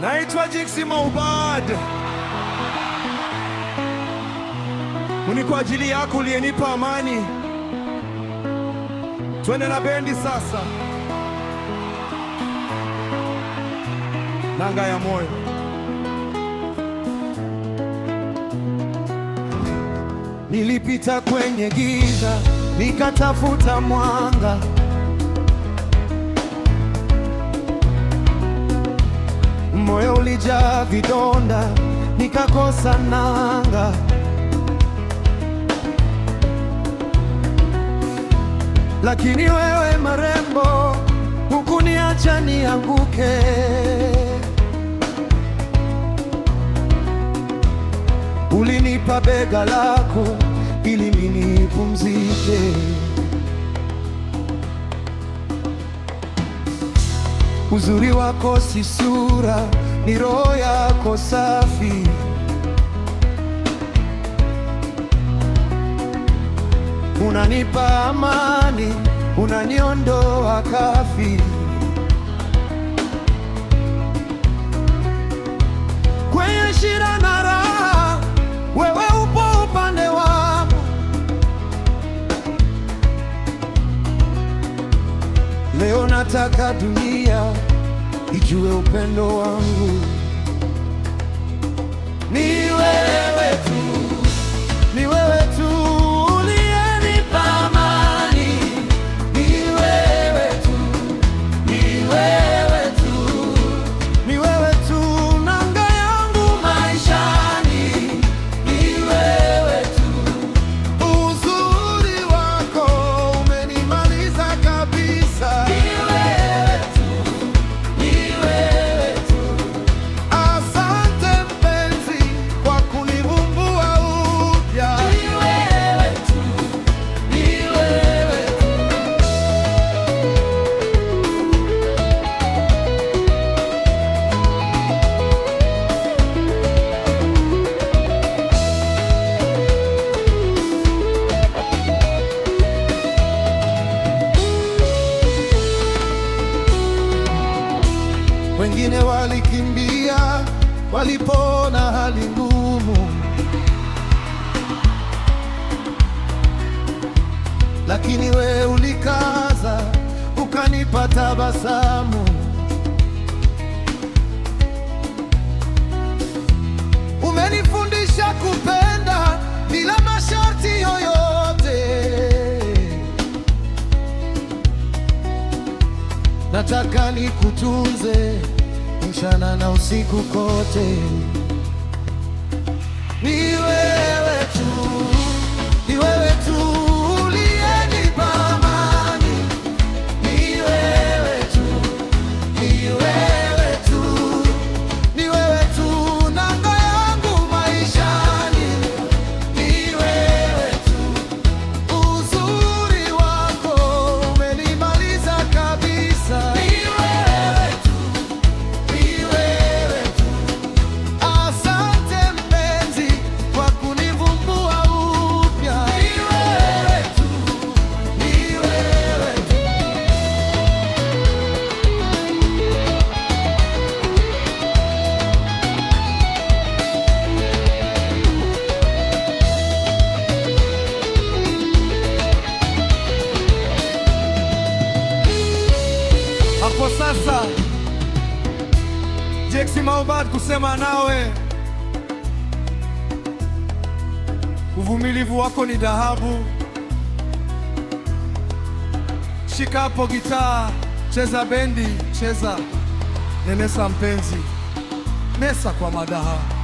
Naitwa Jixi Maubad, ni kwa ajili yako uliyenipa amani. Twende na bendi sasa, nanga ya moyo Nilipita kwenye giza nikatafuta mwanga, moyo ulijaa vidonda nikakosa nanga. Lakini wewe marembo, hukuniacha nianguke. bega lako ili mimi nipumzike. Uzuri wako si sura, ni roho yako safi. Unanipa amani, unaniondoa kafi kwenye shirana nataka dunia ijue upendo wangu ni wewe tu. walipona hali ngumu, lakini we ulikaza ukanipa tabasamu. Umenifundisha kupenda bila masharti yoyote. Nataka nikutunze mchana na usiku kote sasa Jeksi Maubad kusema nawe, uvumilivu wako ni dhahabu. Shika hapo gitaa, cheza bendi, cheza nenesa, mpenzi mesa kwa madhahabu